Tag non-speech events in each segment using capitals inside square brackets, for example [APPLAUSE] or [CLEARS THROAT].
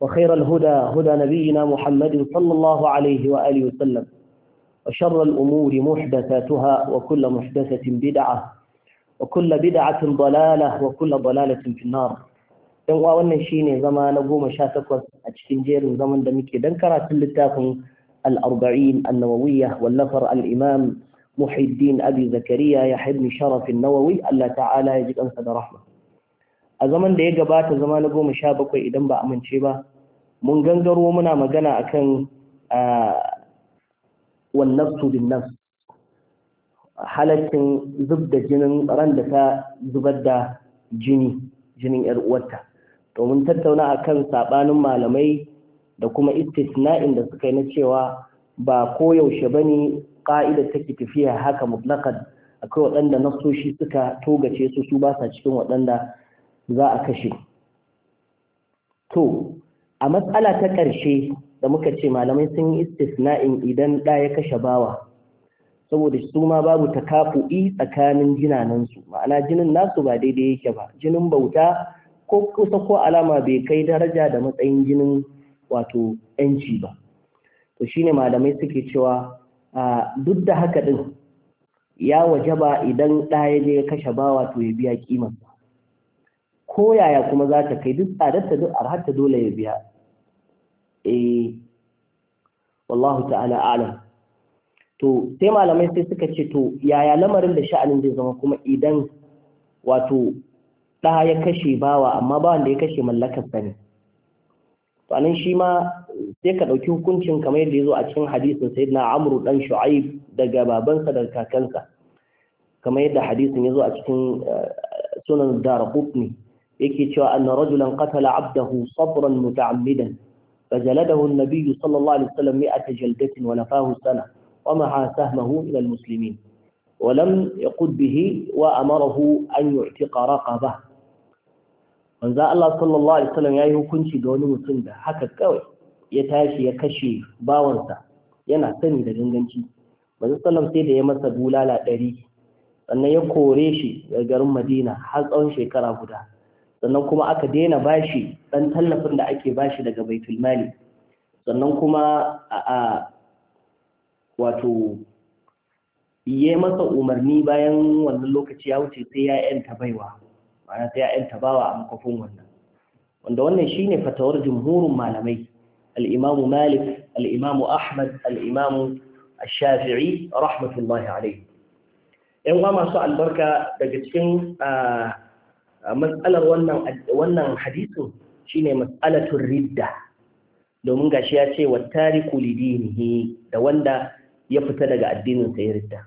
وخير الهدى هدى نبينا محمد صلى الله عليه وآله وسلم وشر الأمور محدثاتها وكل محدثة بدعة وكل بدعة ضلالة وكل ضلالة في النار yan uwa wannan shine zama na goma sha takwas a cikin jerin zaman da muke dan karatun littafin al-arba'in an-nawawiyya wallafar al-imam Muhiddin Abi Zakariya ya haibni nawawi Allah ta'ala ya ji kansa da rahma a zaman da ya gabata zama na goma sha bakwai idan ba amince ba mun gangaro muna magana a kan wannan tubin nan halakin zub da jinin ran da ta zubar da jini jinin yar uwarta to mun tattauna kan sabanin malamai da kuma istisna'in da suka yi na cewa ba koyaushe bane ƙa'idar take tafiya haka mutlaqan akwai waɗanda nasoshi suka togace su su ba sa cikin waɗanda za a kashe to a matsala ta ƙarshe da muka ce malamai sun yi istisna'in idan ɗa ya kashe bawa saboda su ma babu kafu'i tsakanin jinanansu ma'ana jinin nasu ba daidai yake ba jinin bauta ko kusa ko alama bai kai daraja da matsayin jinin wato yanci ba to shine malamai suke cewa a duk da haka din ya waje ba idan ɗa ya je ya kashe bawa to ya biya kimarsa ko yaya kuma za ta kai duk tsadarta duk ta dole ya biya eh wallahu ta'ala a'lam to sai malamai sai suka ce to yaya lamarin da sha'anin zai zama kuma idan wato ɗa ya kashe bawa amma bawan da ya kashe mallakarsa ne to anan shi ma sai ka ɗauki hukuncin kamar yadda yazo a cikin hadisin sai amru Dan shu'aib daga babansa da kakansa kamar yadda hadisin ya zo a cikin eh, sunan darqutni yake cewa anna rajulan qatala abdahu sabran muta'ammidan فجلده النبي صلى الله عليه وسلم مئة جلدة ونفاه سنة ومحى سهمه من المسلمين ولم يقد به وأمره أن يعتق رقبه manzo Allah sallallahu alaihi wasallam yayi hukunci ga wani mutum da haka kawai ya tashi ya kashe bawansa yana sani da ganganci manzo sallam sai da ya masa bulala ɗari sannan ya kore shi daga garin Madina har tsawon shekara guda sannan kuma aka daina bashi ɗan tallafin da ake bashi daga baitul mali sannan kuma a wato yi masa umarni bayan wannan lokaci ya wuce sai ya yanta baiwa ma'ana sai ya yanta bawa a makwafin wannan wanda wannan shine fatawar jumhurin malamai al-imamu malik al'imamu ahmad alimamu imamu rahmatullahi alaihi yan uwa masu albarka daga cikin matsalar wannan hadisin shine matsalatun ridda domin gashi ya ce wattari kulidinihi da wanda ya fita daga addininsa ya ridda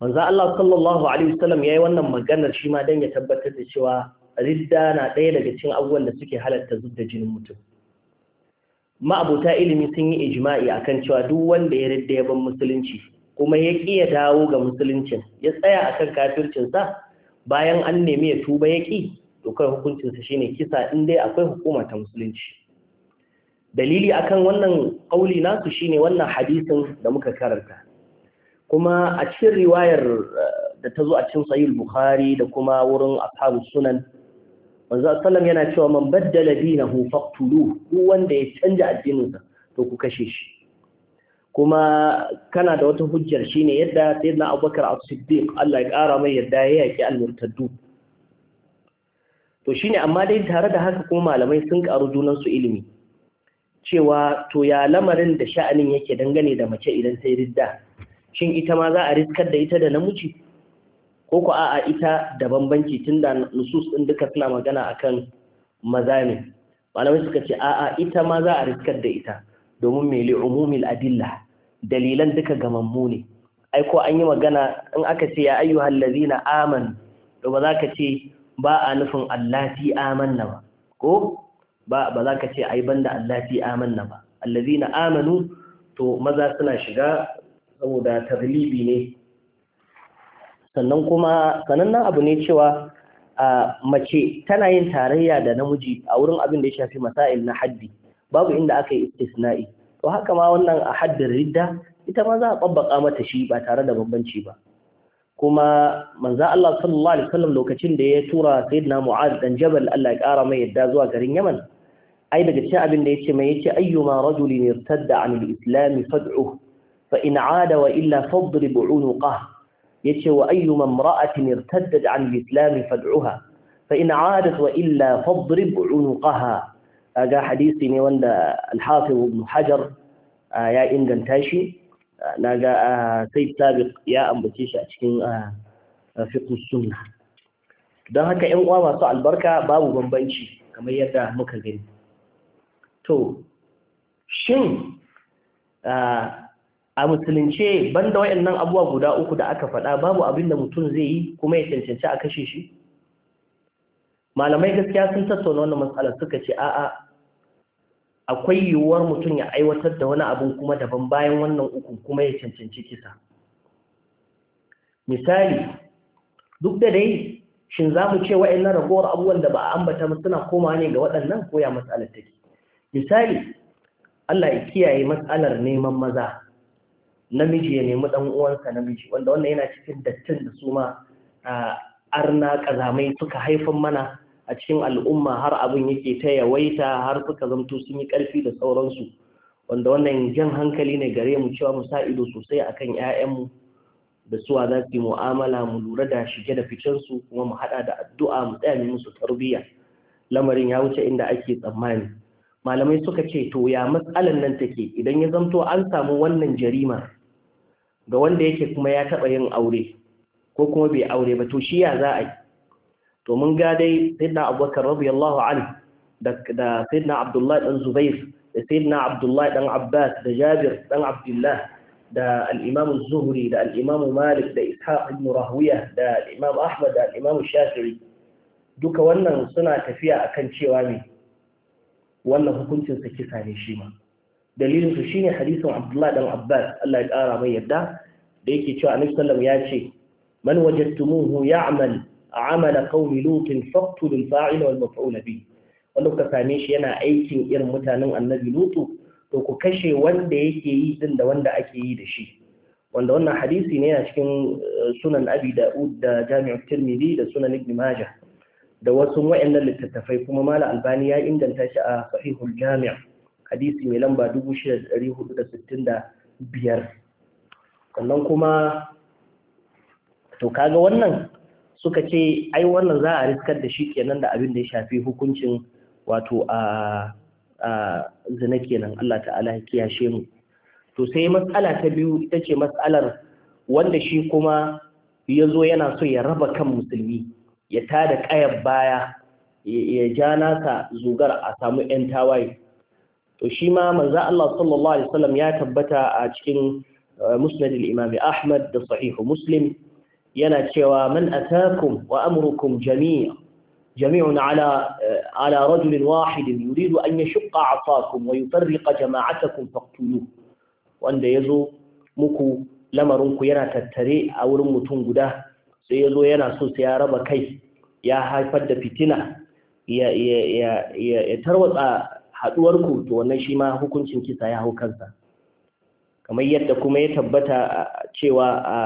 manzo Allah sallallahu alaihi wasallam yayi wannan maganar shi ma dan ya tabbatar da cewa ridda na ɗaya daga cikin abubuwan da suke halatta da jinin mutum ma'abuta ilimi sun yi ijma'i akan cewa duk wanda ya ridda ya bar musulunci kuma ya ƙi dawo ga musuluncin ya tsaya akan kafircinsa bayan an nemi ya tuba ya ƙi to kai hukuncinsa shine kisa in dai akwai hukuma ta musulunci dalili akan wannan ƙauli nasu shine wannan hadisin da muka karanta kuma a cikin riwayar eh, da ta zo a cikin sahih bukhari da kuma wurin ashabu sunan manzo sallam yana cewa man baddala dinahu faqtulu duk wanda ya canja addininsa to ku kashe shi kuma kana da wata hujjar shine yadda na Abubakar a siddiq Allah ya kara mai yadda ya yaki al-murtaddu to shine amma dai tare da haka kuma malamai sun ƙaru junan su ilimi cewa to ya lamarin da sha'anin yake dangane da mace idan ta yi ridda shin ita ma za a riskar da ita da namiji ko ko a'a ita da bambanci tunda nusus ɗin duka suna magana akan maza ne malamai suka ce a'a ita ma za a riskar da ita domin mai umumil adilla dalilan duka gamammu ne ai ko an yi magana in aka ce ya hallazi na aman to ba za ka ce ba a nufin aman amanna ba ko ba za ka ce ai banda aman amanna ba na amanu to maza suna shiga saboda tarlibi ne sannan kuma sanannen abu ne cewa a mace tana yin tarayya da namiji a wurin abin da ya shafi masail na haddi babu inda aka yi istisna'i to haka ma wannan a haddar ridda ita ma za a babbaka mata shi ba tare da bambanci ba kuma manza Allah sallallahu alaihi wasallam lokacin da ya tura sayyidina Mu'adh dan Jabal Allah ya kara mai yadda zuwa garin Yaman ai daga cikin abin da yace mai yace ayyuma rajulin irtadda an al-islam fad'uhu fa in 'ada wa illa fadrib 'unuqah yace wa ayyuma imra'atin irtaddat an al-islam fad'uha fa in 'adat wa illa fadrib 'unuqaha ga hadisi ne wanda al-hafiz ibn hajar ya inganta shi Na ga sai sabiq ya ambace shi a cikin fiqh sunna don haka 'yan uwa masu albarka babu bambanci kamar yadda muka gani to shin a musulunce banda wayannan abubuwa guda uku da aka faɗa babu abin da mutum zai yi kuma ya cancanci a kashe shi malamai gaskiya sun tattauna wannan matsalar suka ce a'a akwai yiwuwar mutum ya aiwatar da wani abin kuma daban bayan wannan uku kuma ya cancanci kisa misali duk da dai shin za mu ce wa'annan ragowar abubuwan da ba a ambata suna komawa ne ga waɗannan koya matsalar take misali Allah ya kiyaye matsalar neman maza namiji ya nemi ɗan uwansa namiji wanda wannan yana cikin dattin da su ma ah, arna ƙazamai suka haifan mana a cikin al'umma har abin yake ta yawaita har suka zamto sun yi ƙarfi da sauransu wanda wannan jan hankali ne gare mu cewa mu sa ido sosai akan 'ya'yanmu da suwa za su yi mu'amala mu lura da shige da ficensu kuma mu haɗa da addu'a mu tsaya musu tarbiyya lamarin ya wuce inda ake tsammani malamai suka ce to ya matsalan nan take idan ya zamto an samu wannan jarima ga wanda yake kuma ya taɓa yin aure ko kuma bai aure ba to shi ya za a yi to mun ga dai sayyidina abubakar radiyallahu anhu da sayyidina abdullahi dan zubair da sayyidina abdullahi dan abbas da jabir dan abdullah da al-imam az-zuhri da al-imam malik da ishaq ibn da imam ahmad da al-imam shafi'i duka wannan suna tafiya akan cewa ne wannan hukuncin sa kisa ne shi ma dalilin su shine hadisin abdullahi dan abbas Allah ya kara mai yadda da yake cewa annabi sallallahu ya ce man wajadtumuhu ya'mal amala qauli lutin faqtul fa'ila wal maf'ul wanda kuka same shi yana aikin irin mutanen annabi lutu to ku kashe wanda yake yi din da wanda ake yi da shi wanda wannan hadisi ne yana cikin eh, sunan abi da'ud da Jami'ar tirmidhi da sunan ibn majah da wasu wa'annan littattafai kuma mala albani ya inganta shi a sahihul jami' hadisi mai lamba 6465 sannan kuma to kaga wannan suka ce ai wannan za a riskar da shi kenan da abin da ya shafi hukuncin wato a zina kenan Allah ta'ala ya kiyashe mu to sai matsala ta biyu ita ce matsalar wanda shi kuma ya zo yana so ya raba kan musulmi ya tada ƙayar baya ya ja nasa zugar a samu 'yan tawaye to shi ma manzo Allah sallallahu alaihi wasallam ya tabbata a cikin eh, musnad al-imam Ahmad da sahihu Muslim yana cewa man atakum wa amrukum jami'a jami'un ala ala rajul wahid yurid an yashqa atakum wa yufarriq jama'atakum faqtuluhu wanda yazo muku lamarin ku yana tattare a wurin mutum guda sai yazo yana so sai ya raba kai ya haifar da fitina ya ya tarwatsa haɗuwarku ku to wannan shi ma hukuncin kisa ya hau kansa kamar yadda kuma ya tabbata cewa a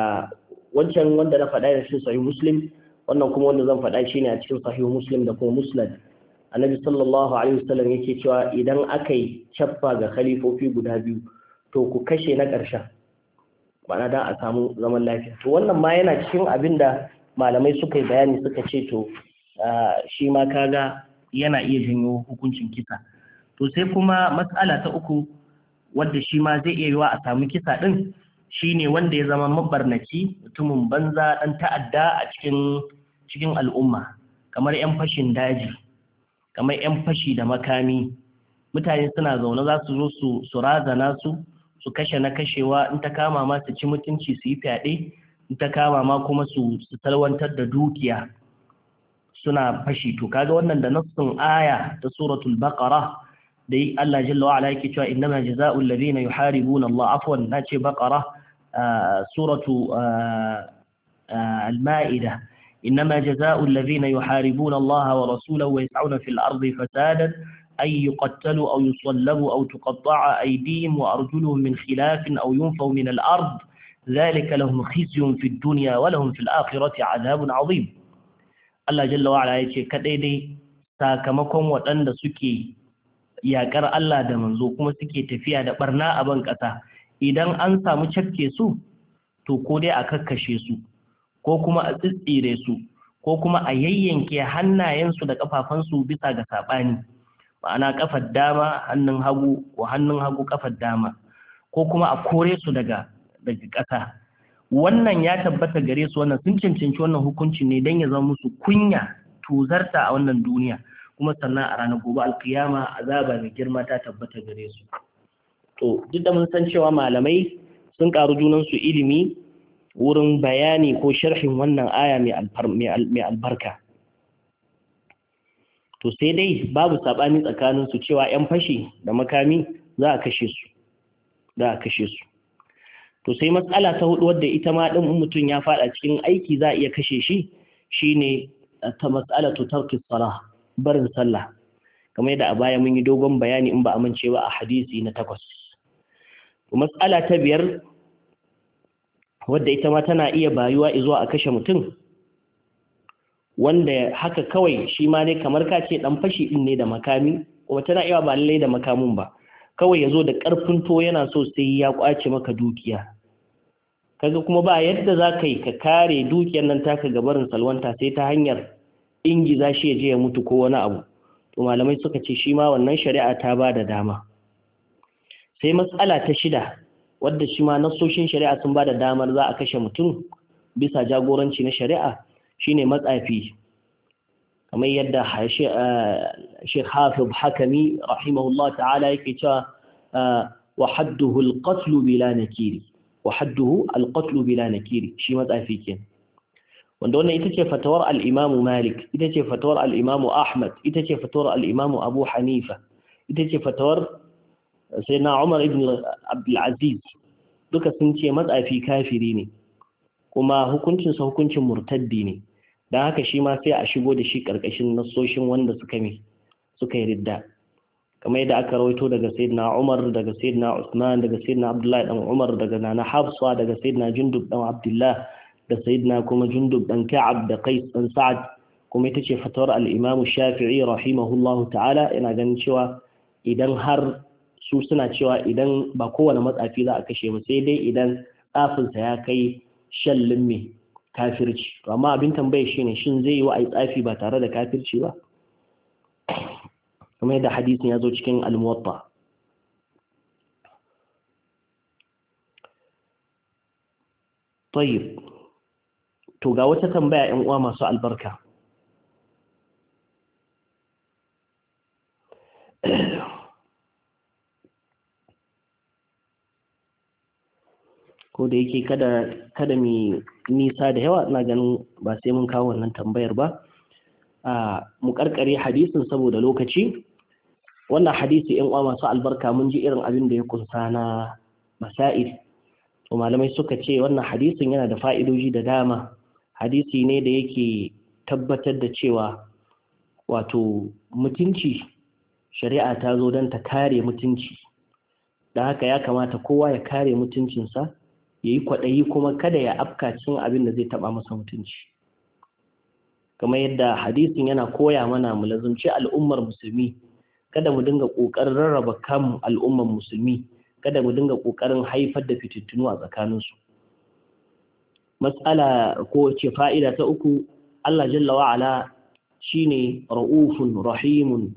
wancan wanda na faɗa yana cikin sahih muslim wannan kuma wanda zan faɗa shine a cikin sahih muslim da kuma musnad annabi sallallahu alaihi wasallam yake cewa idan aka yi cappa ga khalifofi guda biyu to ku kashe na ƙarshen ma'ana don a samu zaman lafiya to wannan ma yana cikin abin da malamai suka yi bayani suka ce to shi ma kaga yana iya janyo hukuncin kisa to sai kuma matsala ta uku wadda shi ma zai iya yiwa a samu kisa din Shi ne wanda ya zama mabarnaci mutumin banza ɗan ta'adda a cikin al'umma kamar 'yan fashin daji kamar 'yan fashi da makami mutane suna zaune za su zo su su razana su su kashe na kashewa in ta kama ma su ci mutunci su yi fyaɗe in ta kama ma kuma su talwantar da dukiya suna fashi to kaga wannan da nassun aya ta suratul baqara dai Allah jalla wa ala yake cewa innama jazaa'ul ladina yuharibuna Allah afwan ce baqara آه، سورة آه، آه، المائدة إنما جزاء الذين يحاربون الله ورسوله ويسعون في الأرض فسادا أن يقتلوا أو يصلبوا أو تقطع أيديهم وأرجلهم من خلاف أو ينفوا من الأرض ذلك لهم خزي في الدنيا ولهم في الآخرة عذاب عظيم الله جل وعلا يتي كديدي ساكمكم وتندسكي يا كر الله دمن زوكم سكي تفيا دبرنا أبنك كتا idan an samu cafke su to ko dai a kakkashe su ko kuma a tsitsire su ko kuma a yayyanke hannayensu da kafafansu bisa ga saɓani ma'ana kafar dama hannun hagu ko hannun hagu kafar dama ko kuma a kore su daga daga ƙasa wannan ya tabbata gare su wannan sun cancanci wannan hukunci ne don ya zama musu kunya tuzarta a wannan duniya kuma sannan a ranar gobe alkiyama azaba mai girma ta tabbata gare su to duk da mun san cewa malamai sun ƙaru junansu ilimi wurin bayani ko sharhin wannan aya mai albarka to sai dai babu saɓani su cewa 'yan fashi da makami za a kashe su za a kashe su to sai matsala ta hudu wadda ita ma ɗin mutum ya faɗa cikin aiki za a iya kashe shi shine eh, ta matsala to tarki salah barin sallah kamar yadda a baya mun yi dogon bayani in ba a amince ba a hadisi na takwas matsala ta biyar wadda ita ma tana iya bayuwa zuwa a kashe mutum wanda haka kawai shi ma ne kamar ka ce dan fashi din ne da makami kuma tana iya ba lallai da makamin ba kawai ya zo da karfin to yana so sai ya kwace maka dukiya kaga kuma ba yadda za ka yi ka kare dukiyar nan taka gabarin salwanta sai ta hanyar ingiza shi ya je ya mutu ko wani abu to malamai suka ce shi ma wannan shari'a ta ba da dama sai matsala ta shida wadda shi ma nassoshin shari'a sun ba da damar za a kashe mutum bisa jagoranci na shari'a shine matsafi kamar yadda eh, Sheikh Hafiz Hakami rahimahullah ta'ala yake cewa eh, wa hadduhu al-qatl bila nakiri wa hadduhu al-qatl bila nakiri shi matsafi kenan wanda wannan ita ce fatawar al'imamu Malik, ita ce fatawar al'imamu Ahmad, ita ce fatawar al'imamu Abu Hanifa, ita ce fatawar sai na umar ibn abdulaziz duka sun ce matsafi kafiri ne kuma sa hukuncin murtaddi ne don haka shi ma sai a shigo da shi karkashin nasoshin wanda suka yi suka yi ridda kamar yadda aka rawaito daga sayyidina Umar daga sayyidina Usman daga sayyidina Abdullahi dan Umar daga nana Hafsa daga sayyidina Jundub dan Abdullah da sayyidina kuma Jundub dan Ka'ab da Qais dan Sa'ad kuma ita ce fatawar al-Imam Shafi'i rahimahullahu ta'ala ina ganin cewa idan har su suna cewa idan ba kowane matsafi za a kashe mu, sai dai idan tsafinsa ya kai shan limme kafirci amma abin tambaye shi ne shin zai yi wa a tsafi ba tare da kafirci ba kuma yadda hadisin ya zo cikin almuwatta to ga wata tambaya 'yan uwa masu albarka ko da yake kada kada mi nisa da yawa ina ganin ba sai mun kawo wannan tambayar ba a mu karkare hadisin saboda lokaci wannan hadisi yan uwa masu albarka mun ji irin abin da ya kunsa na masail to malamai suka ce wannan hadisin yana da fa'idoji da dama hadisi ne da yake tabbatar da cewa wato mutunci shari'a ta zo don ta kare mutunci da haka ya kamata kowa ya kare mutuncinsa ya yi kwaɗayi kuma kada ya afka cikin abin da zai taɓa masa mutunci kamar yadda hadisin yana koya mana mu lazumci al'ummar musulmi kada mu dinga ƙoƙarin rarraba kan al'ummar musulmi kada mu dinga ƙoƙarin haifar da fitittunu a tsakaninsu matsala ko ce fa'ida ta uku Allah jalla wa'ala shine ra'ufun rahimun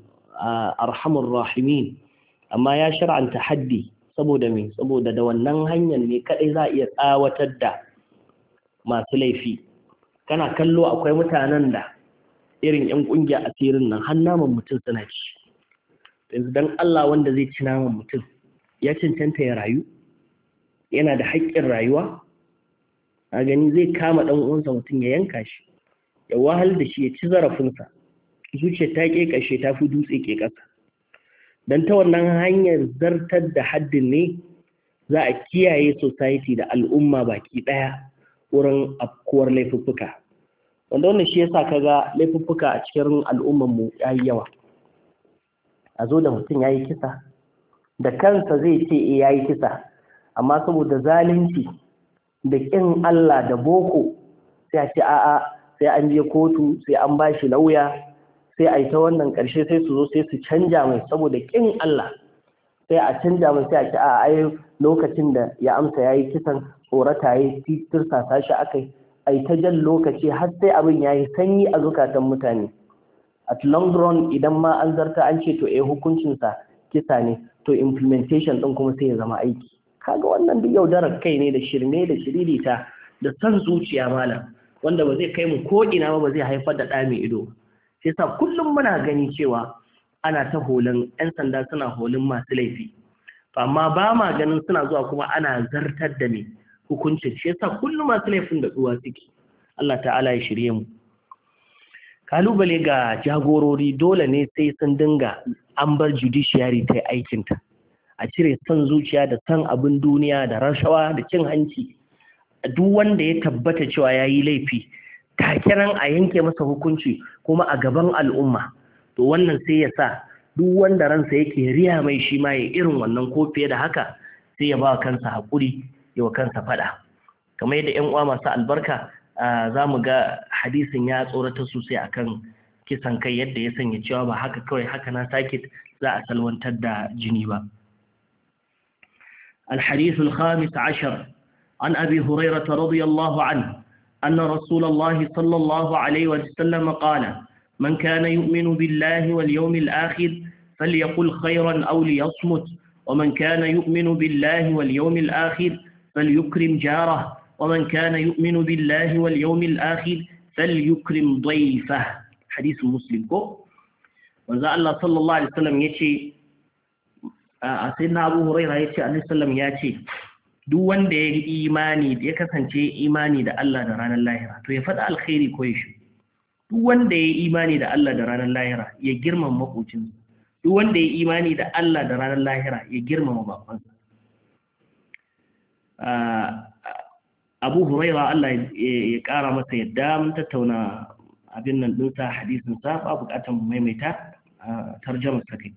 arhamur rahimin amma ya shar'anta haddi saboda me saboda da wannan hanyar ne kaɗai za a iya tsawatar da masu laifi kana kallo akwai mutanen da irin yan kungiya asirin nan har naman mutum suna ci yanzu don Allah wanda zai ci naman mutum ya cancanta ya rayu yana da haƙƙin rayuwa a gani zai kama ɗan uwansa mutum ya yanka shi ya wahal da shi ya ci zarafinsa zuciya ta ƙeƙashe ta fi dutse ƙeƙasa don ta wannan hanyar zartar da haddin ne za a kiyaye society da al'umma baki ɗaya wurin afkuwar laifuffuka wanda wannan shi yasa kaga laifuffuka a cikin al'ummar mu yayi yawa a zo da mutum yayi kisa da kansa zai ce eh yayi kisa amma saboda zalunci da kin Allah da boko sai a ce a'a sai an je kotu sai an bashi lauya sai a yi ta wannan ƙarshe sai su zo sai su canja mai saboda ƙin Allah sai a canja mai sai a ci a ayi lokacin da ya amsa ya yi kisan tsorata ya yi tirsasa shi aka a yi ta jan lokaci har sai abin ya yi sanyi a zukatan mutane at long run idan ma an zarta an ce to eh hukuncinsa kisa ne to implementation ɗin kuma sai ya zama aiki kaga wannan duk yaudarar kai ne da shirme da shiririta da san zuciya malam wanda ba zai kai mu ko ina ba ba zai haifar da ɗa ido ba shi yasa kullum muna gani cewa ana ta holan yan sanda suna holin masu laifi to amma ba ma ganin suna zuwa kuma ana zartar da me hukuncin shi yasa kullum masu laifin da tsuwa suke Allah ta'ala ya shirye mu kalubale ga jagorori dole ne sai sun dinga an bar judiciary ta aikinta a cire san zuciya da san abin duniya da rashawa da cin hanci duk wanda ya tabbata cewa ya yi laifi take nan a yanke masa hukunci kuma a gaban al'umma to wannan sai ya sa duk wanda ransa yake riya mai shi ma ya irin wannan ko fiye da haka sai ya ba kansa haƙuri ya wa kansa faɗa kamar yadda 'yan uwa masu albarka za mu ga hadisin ya tsorata sosai a kan kisan kai yadda ya sanya cewa ba haka kawai haka na sake za a salwantar da jini ba الحديث الخامس عشر عن أبي هريرة رضي الله عنه أن رسول الله صلى الله عليه وسلم قال من كان يؤمن بالله واليوم الآخر فليقل خيرا أو ليصمت ومن كان يؤمن بالله واليوم الآخر فليكرم جاره ومن كان يؤمن بالله واليوم الآخر فليكرم ضيفه حديث مسلم كو وزا الله صلى الله عليه وسلم يشي آه، سيدنا أبو هريرة يشي عليه وسلم يشي duk wanda ya imani ya kasance imani da Allah da ranar lahira to ya faɗa alkhairi ko ya shi duk wanda ya yi imani da Allah da ranar lahira ya girmama makocin duk wanda ya yi imani da Allah da ranar lahira ya girmama babansa ah, Abu Huraira Allah ya ƙara masa yadda mun tattauna abin nan ɗinsa hadisin sa ba buƙatar maimaita ah, tarjamar sa kai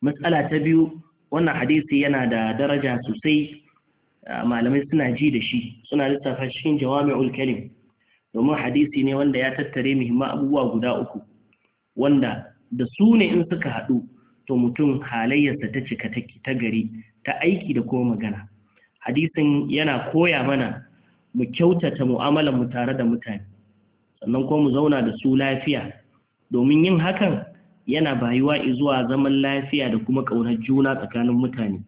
matsala ta biyu wannan hadisi yana da daraja sosai malamai suna ji da shi suna lissafa cikin jawami'ul kalim domin hadisi ne wanda ya tattare muhimman abubuwa guda uku wanda da su ne in suka haɗu to mutum halayyarsa ta cika ta gari ta aiki da kuma magana hadisin yana koya mana mu kyautata mu'amalar mu tare da mutane sannan kuma mu zauna da su lafiya domin yin hakan yana bayuwa zuwa zaman lafiya da kuma ƙaunar juna tsakanin mutane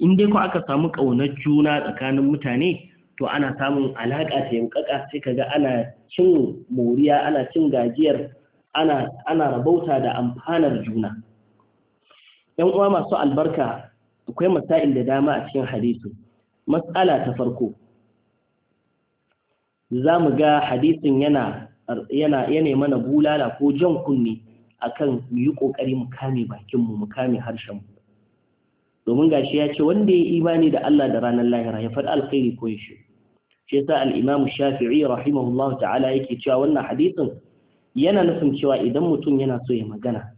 in dai ko aka samu ƙaunar juna tsakanin mutane to ana samun alaƙa ta yankaka sai ga ana cin moriya ana cin gajiyar ana ana rabauta da amfanar juna yan uwa masu albarka akwai masail da dama a cikin hadisi matsala ta farko za mu ga hadisin yana yana yana mana bulala ko jan kunne akan mu yi kokari mu kame bakin mu mu kame harshen mu domin gashi ya ce wanda ya imani da Allah da ranar lahira ya faɗi alkhairi ko ya shi shi yasa al-Imam Shafi'i rahimahullah ta'ala yake cewa wannan hadisin yana nufin cewa idan mutum yana so ya magana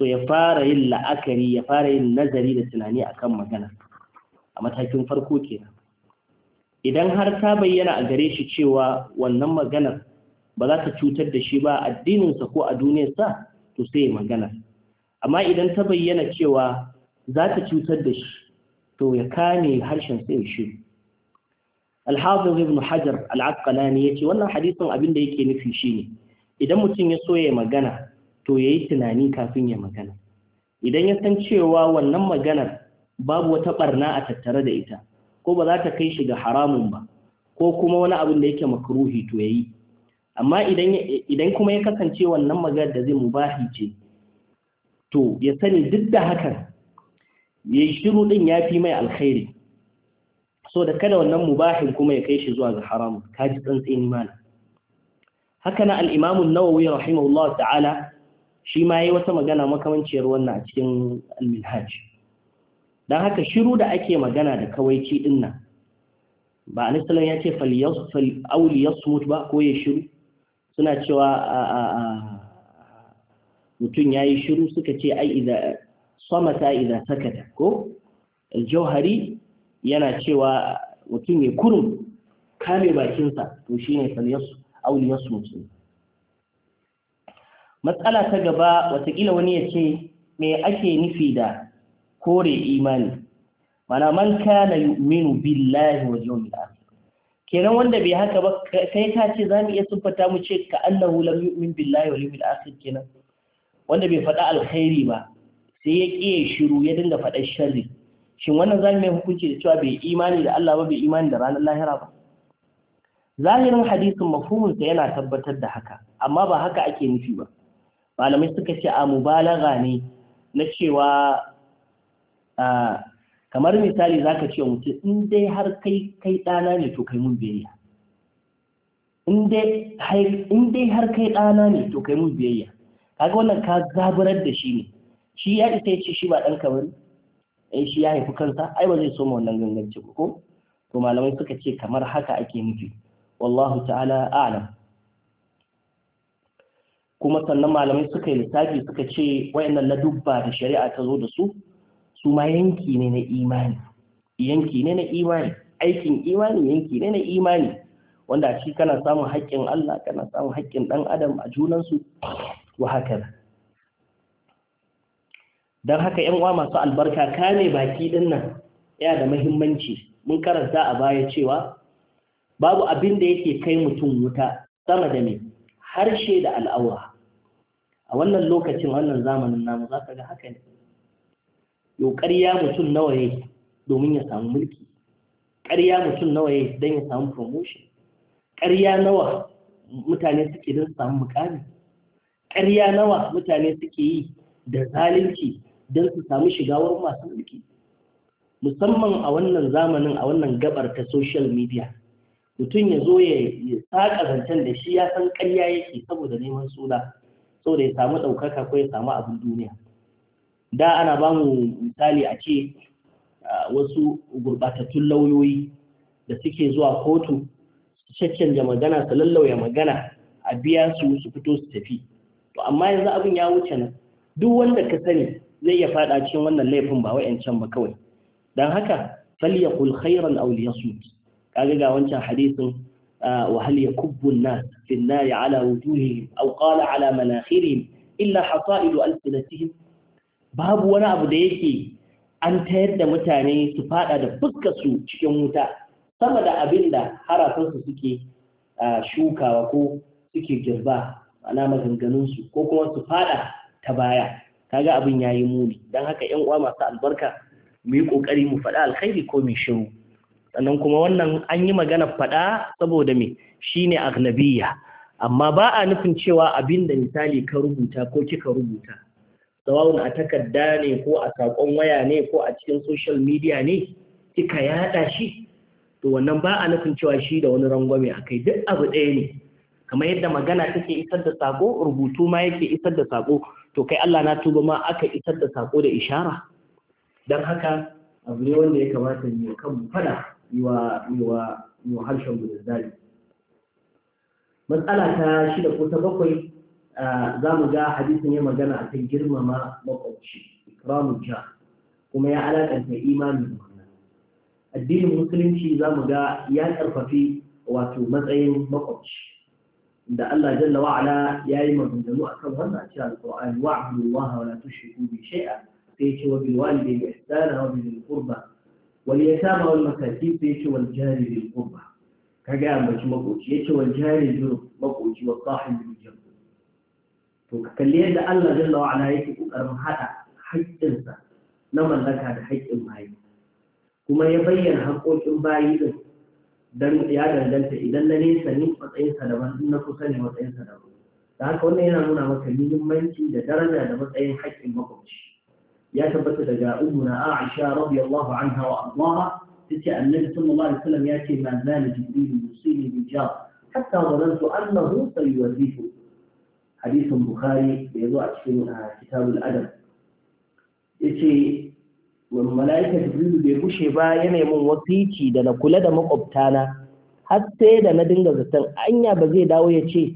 to ya fara yin la'akari ya fara yin nazari da tunani akan magana a matakin farko kenan idan har ta bayyana a gare shi cewa wannan maganar ba za ta cutar da shi ba addininsa ko a duniyarsa to sai magana amma idan ta bayyana cewa za ta cutar da shi to ya kame harshen sai shiru. alhazin ibn hajar al'asqalani ya ce wannan hadisin abin da yake nufi shi ne. idan mutum ya so ya magana to ya yi tunani kafin ya magana idan ya san cewa wannan maganar babu wata barna a tattare da ita ko ba za ta kai shi ga haramun ba ko kuma wani abin da yake makruhi to ya yi amma idan kuma ya kasance wannan magana da zai mubahi ce to ya sani duk da hakan ya yi shiru din ya fi mai alkhairi so da kada wannan mubahin kuma ya kai shi zuwa ga ka ji tsantsin mana haka na al'imamun nawawi rahimahullah ta'ala shi ma yi wata magana makamanciyar wannan a cikin alminhaj don haka shiru da ake magana da kawaici din nan ba a nisalan ya ce auli ya smut ba ko ya shiru suna cewa mutum ya yi shiru suka ce ai idan samata idan sakata ko aljauhari yana cewa mutum ya kurum kame bakinsa to shi ne auliyarsu mutum matsala ta gaba watakila wani ya ce me ake nufi da kore imani mana man kana yu'minu billahi wa yawmil akhir kenan wanda bai haka ba kai ka ce za mu iya siffata mu ce ka annahu lam yu'min billahi wal yawmil akhir kenan wanda bai faɗa alkhairi ba sai ya kiyaye shiru ya dinga faɗa sharri shin wannan za mu hukunci da cewa bai imani da Allah ba bai imani da ranar lahira ba zahirin hadisin mafhumin sa yana tabbatar da haka amma ba haka ake nufi ba malamai suka ce a mubalaga ne na cewa kamar misali za ka ce wa mutum in dai har kai kai ɗana ne to kai mun biyayya in dai har kai ɗana ne to kai mun biyayya kaga wannan ka zaburar da shi ne shi ya isa ya ce shi ba ɗan kamar eh shi ya haifi kansa ai ba zai soma wannan ganganci ko to malamai suka ce kamar haka ake nufi wallahu ta'ala a'lam kuma sannan malamai suka yi lissafi suka ce wayannan ladubba da shari'a ta zo da su su ma yanki ne na imani yanki ne na imani aikin imani yanki ne na imani wanda shi kana samun haƙƙin Allah kana samun haƙƙin ɗan adam a junansu wa haka don haka ‘yan uwa masu albarka kame baki ɗin nan ya da mahimmanci mun karanta a baya cewa babu abin da yake kai mutum wuta sama da mai harshe da al'aura a wannan lokacin wannan zamanin namu za ka ga haka ne yau ƙarya mutum nawa ya domin ya samu mulki ƙarya mutum nawa ya don ya samu promotion ƙarya nawa mutane suke don samu mukami ƙarya nawa mutane suke yi da zalunci don su samu shigawar masu mulki musamman a wannan zamanin a wannan gabar ta social media mutum ya zo ya saƙa zancen da shi ya san ƙarya yake saboda neman suna da ya samu ɗaukaka ko ya samu abin duniya da ana ba mu misali a ce wasu gurɓatattun lauyoyi da suke zuwa kotu su caccanja magana su lallauya magana a biya su su fito su tafi to amma yanzu abin ya wuce nan duk wanda ka sani zai iya faɗa cikin wannan laifin ba wa'yancan ba kawai don haka falyaqul khairan aw liyasut kaga ga wancan hadisin wa hal yakubbu an-nas fi an-nar ala wujuhihim aw qala ala manakhirihim illa hasaidu alsinatihim babu wani abu da yake an tayar da mutane su fada da su cikin wuta sama da abin da harafinsu suke shukawa ko suke girba ana maganganunsu ko kuma su fada ta baya kaga abin yayi muni don haka yan uwa masu albarka mu yi kokari mu faɗa alkhairi ko mu shiru sannan kuma wannan an yi magana faɗa saboda me shine aghnabiyya amma ba a nufin cewa abin da misali ka rubuta ko kika rubuta sawa'un a takarda ne ko a saƙon waya ne ko a cikin social media ne kika yaɗa shi to wannan ba a nufin cewa shi da wani rangwame a kai duk abu ɗaya ne kamar yadda magana take isar da sako, rubutu ma yake isar da sako, to kai Allah na tuba ma aka isar da sako da ishara don haka abu ne wanda ya kamata ne kan fada yiwa yiwa harshen gudu matsala ta shida ko ta bakwai za mu ga hadisin ya magana a kan girmama makwabci ikramu ja kuma ya alakanta imani da wannan addinin musulunci za mu ga ya ƙarfafi wato matsayin makwabci da Allah jalla wa ala yayi maganganu akan wannan a cikin alqur'ani wa'budu allaha wa la tushriku bi shay'a sai ce wa bil walidayni ihsana wa bil qurba wal yatama wal masakin sai ce wal jari bil qurba kaga ambaci makoci yace wal jari bil makoci wa sahib bil to kalli yadda Allah jalla wa ala yake kokarin hada haƙƙinsa na mallaka da haƙƙin bayi kuma ya bayyana haƙƙoƙin bayi din dan ya danganta idan na sani ne matsayinsa daban in na kusa ne matsayinsa daban da haka wannan yana nuna maka muhimmanci da daraja da matsayin haƙƙin makwabci ya tabbata daga ummuna Aisha radiyallahu anha wa Allah tace annabi sallallahu alaihi wasallam ya ce ma zalika jibril yusini bi jar hatta dhanantu annahu sayuwaddihu hadisin bukhari da ya zo a cikin kitabul adam ya ce mala'ika jibrilu bai bushe ba yana min wasiki da na kula da makwabtana har sai da na dinga zaton anya ba zai dawo ya ce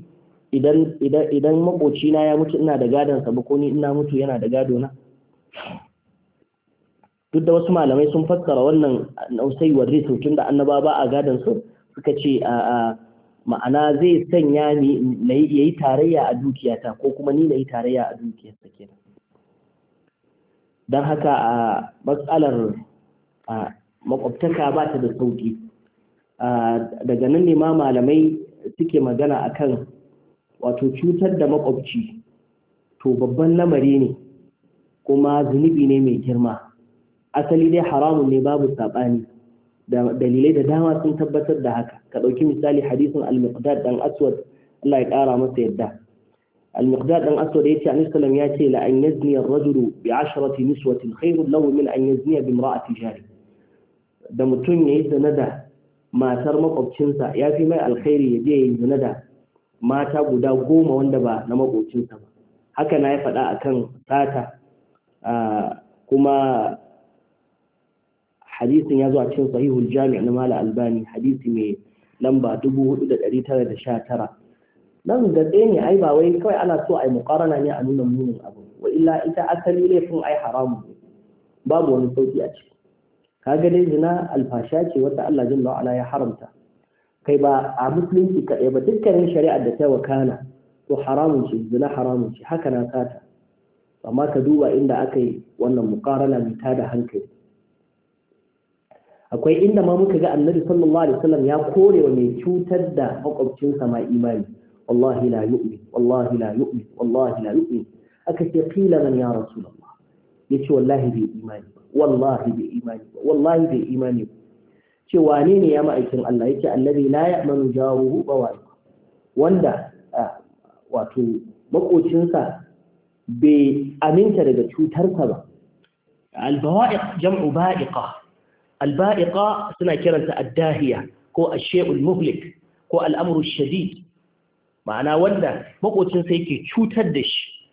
idan idan idan makocina ya mutu ina da gadonsa ba ko ni ina mutu yana da gado na duk da wasu malamai sun fassara wannan nausai wa da annaba ba a gadon su suka ce a ma'ana zai sanya ni na yi tarayya a dukiyata ko kuma ni na yi tarayya a dukiyarsa kenan don haka a matsalar makwabtaka ba ta da sauƙi daga nan ne ma malamai suke magana akan wato cutar da makwabci to babban lamari ne kuma zunubi ne mai girma asali dai haramun ne babu saɓani da dalilai da dama sun tabbatar da haka ka ɗauki misali hadisin al-miqdad dan aswad Allah ya ƙara masa yadda al-miqdad dan aswad yace annabi sallam ya ce la an yazni ar-rajulu bi 10 niswatin khairun lahu min an yazni bi imra'ati jari da mutum yayi zina da matar makwabcinsa ya fi mai alkhairi ya je yayi da mata guda goma wanda ba na makwabcinsa ba haka na ya faɗa akan sata kuma hadisin ya zo a cikin sahihul jami' na mala albani hadisi mai lamba 4919 nan ga ne ai ba wai kawai ana so ai muqarana ne a nuna munin abu wa illa ita asali laifin ai haramu babu wani sauki a ciki kaga dai zina alfasha ce wata Allah jalla ala ya haramta kai ba a musulunci kaɗai ba dukkanin shari'ar da ta wakana to haramun ce zina haramun ce haka na sata amma ka duba inda aka yi wannan muqarana mai tada hankali akwai inda ma muka ga annabi sallallahu alaihi wasallam ya kore wa mai cutar da makwabcinsa ma imani wallahi la yu'min wallahi la yu'min wallahi la yu'min aka ce qila man ya rasulullah yace wallahi bai imani ba wallahi bai imani ba wallahi bai imani ba ce wane ne ya ma'aikin Allah yace allazi la ya'manu jaruhu bawai wanda wato makocinsa bai aminta daga cutarsa ba al-bawa'iq jam'u ba'iqah alba'iqa suna kiranta addahiya ko she'ul muhlik ko al'amru shadid ma'ana wanda makocin sai yake cutar da shi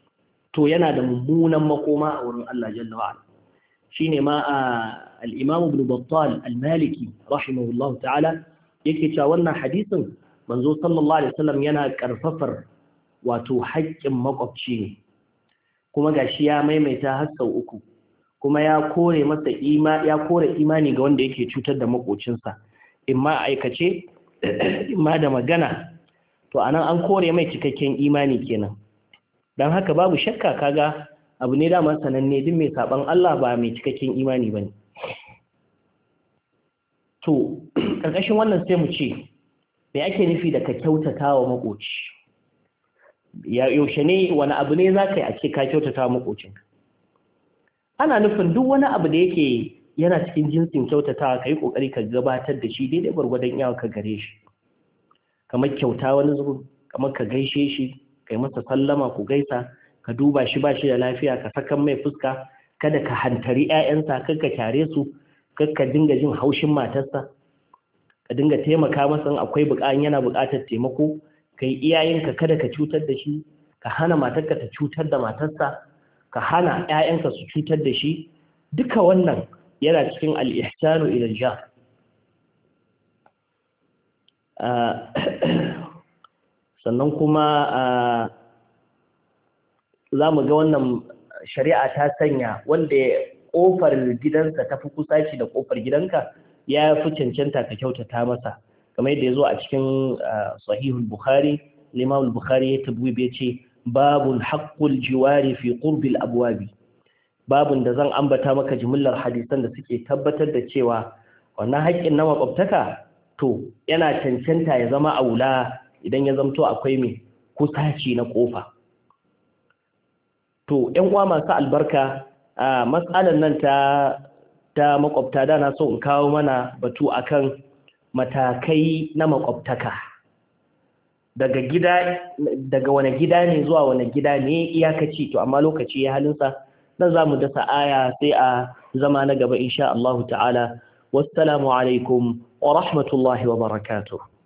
to yana da mummunan makoma a wurin Allah jalla wa ala ma a imam Ibn Battal al-Maliki rahimahullahu ta'ala yake cewa wannan hadisin manzo sallallahu alaihi wasallam yana karfafar wato haƙƙin makwabci ne kuma shi ya maimaita har sau uku kuma ya kore masa ima ya kore imani ga wanda yake cutar da makocinsa ma aikace [CLEARS THROAT] in ma da magana to anan an kore mai cikakken imani kenan dan haka babu shakka kaga abu ne da sananne duk mai saban Allah ba mai cikakken imani bane to karkashin [CLEARS THROAT] wannan sai mu ce me ake nufi da ka kyautata wa makoci yaushe ne wani abu ne za ka yi a ce ka kyautata wa makocinka ana nufin duk wani abu da yake yana cikin jinsin kyautatawa ka yi ƙoƙari ka gabatar da shi daidai gwargwadon yawa ka gare shi kamar kyauta wani zuwa kamar ka gaishe shi ka yi masa sallama ku gaisa ka duba shi ba shi da lafiya ka sakan mai fuska kada ka hantari 'ya'yansa kar ka kyare su kar ka dinga jin haushin matarsa ka dinga taimaka masa akwai buƙatar yana buƙatar taimako ka yi iyayenka kada ka cutar da shi ka hana matarka ta cutar da matarsa ka hana ‘ya'yanka su cutar da shi duka wannan yana cikin al'ihsanu idan ja ah, sannan kuma ah, za mu ga wannan shari'a ta sanya wanda ƙofar gidansa ta fi kusa shi da ƙofar gidanka ya fi cancanta ka kyautata masa kamar yadda ya zo a cikin ah, sahihul bukhari limamul bukhari ya tabbi ya ce babun haƙƙul jiwari fi ƙurbil abuwabi babun da zan ambata maka jimillar hadisan da suke tabbatar da cewa wannan haƙƙin na maƙwabtaka to yana cancanta ya zama a wula, idan ya zamto akwai mai kusaci na ƙofa to ‘yan uwa masu albarka a matsalar nan ta ta maƙwabta da na so in kawo mana batu akan matakai na maƙwabtaka daga gida daga wani gida ne zuwa wani gida ne iyakaci to amma lokaci ya halinsa dan zamu dasa aya sai a zama na gaba insha Allah ta'ala wassalamu alaikum wa rahmatullahi wa barakatuh